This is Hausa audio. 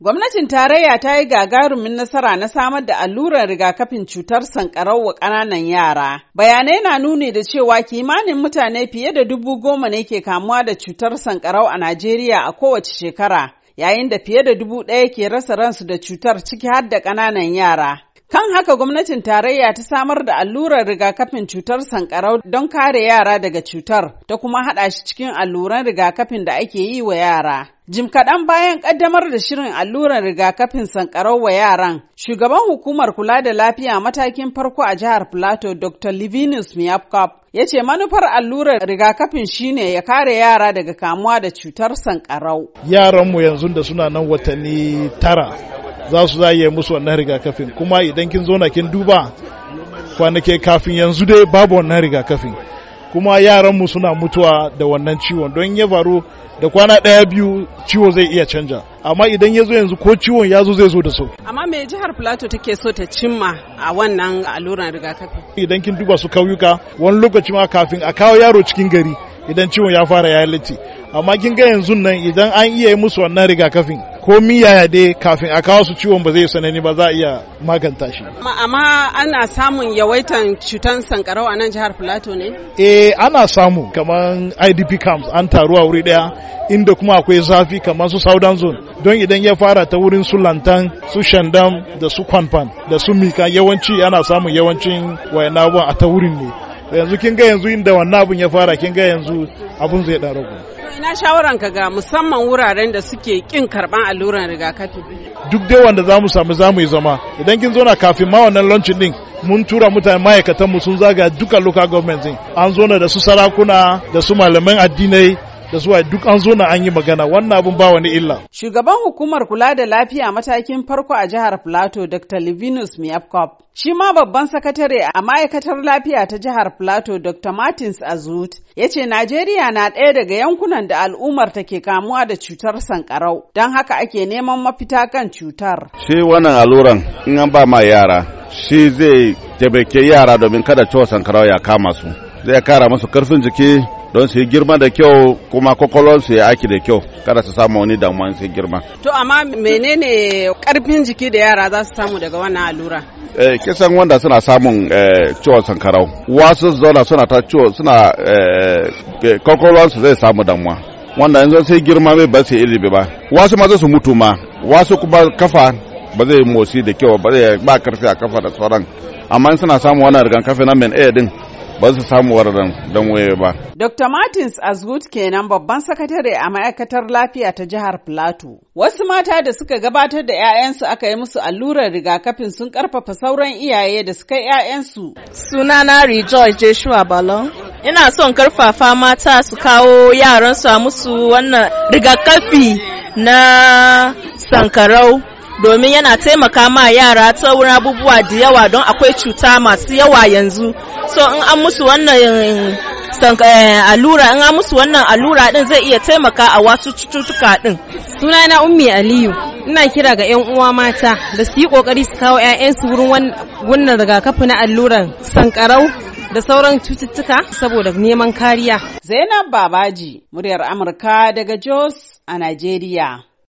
Gwamnatin tarayya ta yi gagarumin nasara na samar da alluran rigakafin cutar sankarau wa ƙananan yara. Bayanai na nuni da cewa kimanin mutane fiye da dubu goma ne ke kamuwa da cutar sankarau a Najeriya a kowace shekara, yayin da fiye da dubu ɗaya ke rasa ransu da cutar ciki har da ƙananan yara. Kan haka gwamnatin tarayya ta samar da allurar rigakafin cutar sankarau don kare yara daga cutar ta kuma haɗa shi cikin alluran rigakafin da ake yi wa yara. Jim kaɗan bayan ƙaddamar da shirin alluran rigakafin sankarau wa yaran, shugaban hukumar kula da lafiya matakin farko a jihar Plateau Dr. Livinus Miyapkop ya ce manufar allurar rigakafin shine ya kare yara daga kamuwa da cutar sankarau. Yaranmu yanzu da suna nan watanni tara za su za yi musu wannan rigakafin kuma idan kin zo kin duba kwanake kafin yanzu dai babu wannan rigakafin kuma yaranmu suna mutuwa da wannan ciwon don ya faru da kwana ɗaya biyu ciwo zai iya canja amma idan ya zo yanzu ko ciwon ya zo zai zo da sau amma me jihar plateau take so ta cimma a wannan alluran rigakafi idan kin duba su kauyuka wani lokaci ma kafin a kawo yaro cikin gari idan ciwon ya fara ya lati amma kin ga yanzu nan idan an iya yi musu wannan rigakafin ko miyaya dai kafin a kawo su ciwon ba zai sanani ba za a iya maganta shi. Amma ana samun yawaitan cutan sankarau a nan jihar Filato ne? Eh ana samu kamar IDP camps an taru a wuri daya inda kuma akwai zafi kamar su Southern Zone don idan ya fara ta wurin su Lantan, su Shandam da su Kwanfan da su Mika yawanci ana samun yawancin wayan a ta wurin ne. Yanzu kin ga yanzu inda wannan abun ya fara kin ga yanzu abun zai ɗan ragu. ina shawaran ka ga musamman wuraren da suke kin karban alluran rigakafi duk dai wanda za mu samu za mu yi zama idan kin zona kafin ma wannan launching din mun tura mutane ma'aikatan mu sun zaga duka local government din an zo da su sarakuna da su malaman addinai da zuwa duk an zo na an yi magana wannan abin ba wani illa. Shugaban hukumar kula da lafiya matakin farko a jihar Plateau Dr. Livinus Miyapkop. Shi ma babban sakatare a ma'aikatar lafiya ta jihar Plateau Dr. Martins Azut ya ce Najeriya na ɗaya daga yankunan da al'ummar ta ke kamuwa da cutar sankarau don haka ake neman mafita kan cutar. Shi wannan al'uran in an ba ma yara shi zai taimake yara domin kada ciwon sankarau ya kama su. Zai kara musu karfin jiki don su yi girma da kyau kuma kwakwalon su ya aiki da kyau kada su samu wani damuwa su girma. To amma menene karfin jiki da yara za su samu daga wannan allura? Eh, kisan wanda suna samun eh, ciwon sankarau wasu zauna suna ta ciwo suna eh, eh, kwakwalon su zai samu damuwa wanda yanzu sai girma bai ba su ilimi ba wasu ma za su mutu ma wasu kuma kafa ba zai motsi da kyau ba zai ba karfi a kafa da sauran amma suna samun wannan rigakafi na men a din ba su samu waradan don waye ba. Dr. Martins Azgut kenan babban sakatare a ma'aikatar lafiya ta jihar Plateau. Wasu mata da suka gabatar da 'ya'yansu aka yi musu allurar rigakafin sun karfafa sauran iyaye da suka 'ya'yansu. Sunana Rejoice Joshua Balon. Ina son karfafa mata su kawo yaransu a musu wannan rigakafi na sankarau. domin yana taimaka ma yara ta wurin abubuwa da yawa don akwai cuta masu yawa yanzu so in an musu wannan eh, allura in an musu wannan allura din zai iya taimaka a wasu cututtuka din na ummi aliyu ina kira ga yan uwa mata da su yi kokari su kawo 'ya'yansu wurin wannan rigakafi na alluran sankarau da sauran cututtuka saboda neman kariya zainab babaji muryar amurka daga jos a najeriya